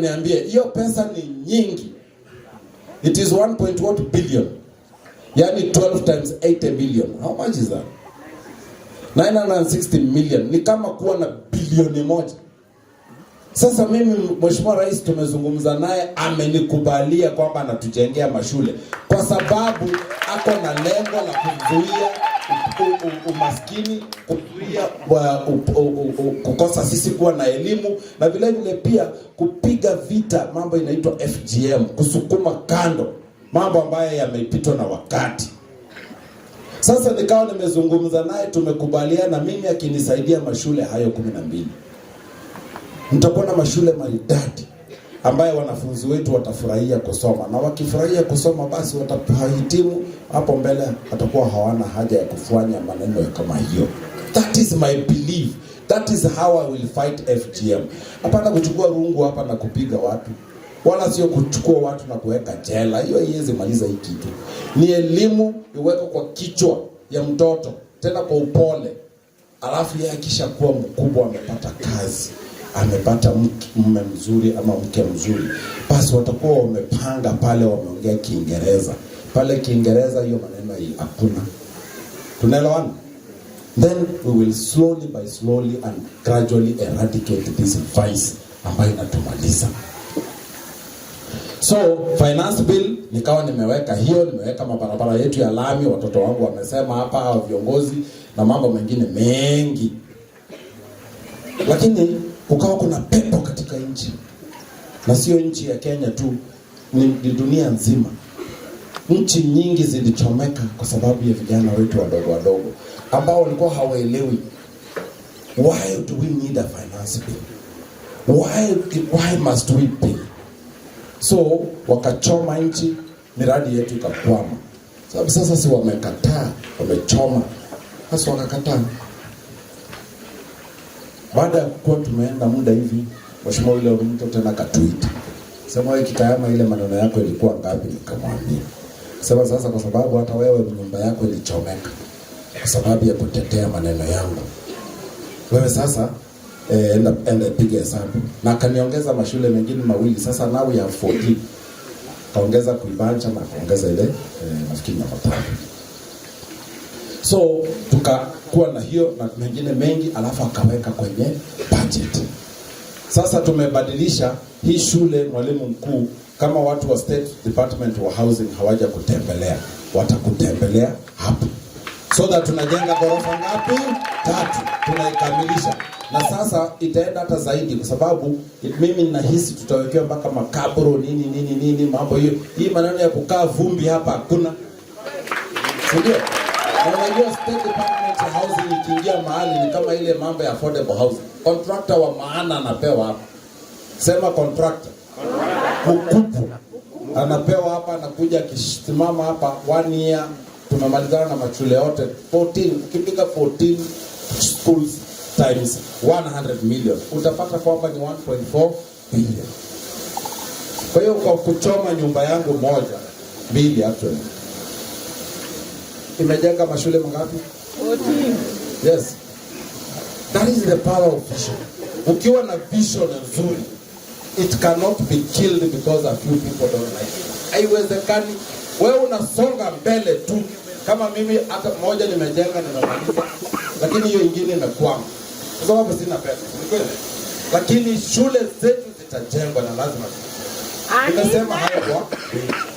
uniambie hiyo pesa ni nyingi. It is 1.1 billion. Yaani 12 times 80 billion. How much is that? 960 million. Ni kama kuwa na bilioni moja. Sasa mimi Mheshimiwa Rais tumezungumza naye, amenikubalia kwamba anatujengea mashule kwa sababu ako na lengo la kuzuia umaskini, kuzuia kukosa sisi kuwa na elimu, na vilevile pia kupiga vita mambo inaitwa FGM, kusukuma kando mambo ambayo yamepitwa na wakati. Sasa nikawa nimezungumza naye, tumekubaliana, mimi akinisaidia mashule hayo kumi na mbili nitakuwa na mashule maridadi ambaye wanafunzi wetu watafurahia kusoma, na wakifurahia kusoma, basi watahitimu hapo mbele, watakuwa hawana haja ya kufanya maneno kama hiyo. That is my belief, that is how I will fight FGM. Hapana kuchukua rungu hapa na kupiga watu, wala sio kuchukua watu na kuweka jela. Hiyo haiwezi maliza hii kitu. Ni elimu iwekwe kwa kichwa ya mtoto, tena kwa upole, alafu yeye akishakuwa mkubwa amepata kazi amepata mume mzuri ama mke mzuri, basi watakuwa wamepanga pale, wameongea Kiingereza pale. Kiingereza hiyo maneno hakuna, tunaelewana? Then we will slowly by slowly and gradually eradicate this vice ambayo inatumaliza. So finance bill nikawa nimeweka hiyo, nimeweka mabarabara yetu ya lami, watoto wangu wamesema hapa, viongozi na mambo mengine mengi, lakini kukawa kuna pepo katika nchi, na sio nchi ya Kenya tu, ni dunia nzima. Nchi nyingi zilichomeka kwa sababu ya vijana wetu wadogo wadogo ambao walikuwa hawaelewi why do we need a finance bill? Why, why must we pay? So wakachoma nchi, miradi yetu ikakwama. Sababu sasa si wamekataa, wamechoma, hasa wakakataa. Baada ya kuwa tumeenda muda hivi, mheshimiwa yule mtu tena katuita sema, wewe Kitayama, ile maneno yako ilikuwa ngapi? Nikamwambia sema, sasa kwa sababu hata wewe nyumba yako ilichomeka kwa sababu ya kutetea maneno yangu, wewe sasa eh, enda enda piga hesabu. Na akaniongeza mashule mengine mawili, sasa now ya 14 kaongeza kuibancha na kaongeza ile eh, nafikiri na So tukakuwa na hiyo na mengine mengi, alafu akaweka kwenye budget. Sasa tumebadilisha hii shule, mwalimu mkuu, kama watu wa State Department wa Housing hawaja kutembelea, watakutembelea hapo so that tunajenga ghorofa ngapi? Tatu, tunaikamilisha na sasa itaenda hata zaidi, kwa sababu mimi nahisi tutawekewa mpaka makabro nini nini nini, mambo hiyo. Hii maneno ya kukaa vumbi hapa hakuna, sindio? Na unajua state department housing ikiingia mahali ni kama ile mambo ya affordable housing. Contractor wa maana anapewa hapa. Sema contractor. Mkupu. Anapewa hapa anakuja akisimama hapa one year tumemalizana na mashule yote 14 ukipiga 14 schools times 100 million utapata kwamba ni 1.4 billion. Kwa hiyo kwa kuchoma nyumba yangu moja mbili actually imejenga mashule mangapi? Yes. That is the power of vision. Ukiwa na vision nzuri, it cannot be killed because a few people don't like it. Haiwezekani. Wewe unasonga mbele tu. Kama mimi hata moja nimejenga nimemaliza, lakini hiyo ingine imekwama. Kwa sababu sina pesa. Ni kweli. Lakini shule zetu zitajengwa na lazima. Nimesema hayo kwa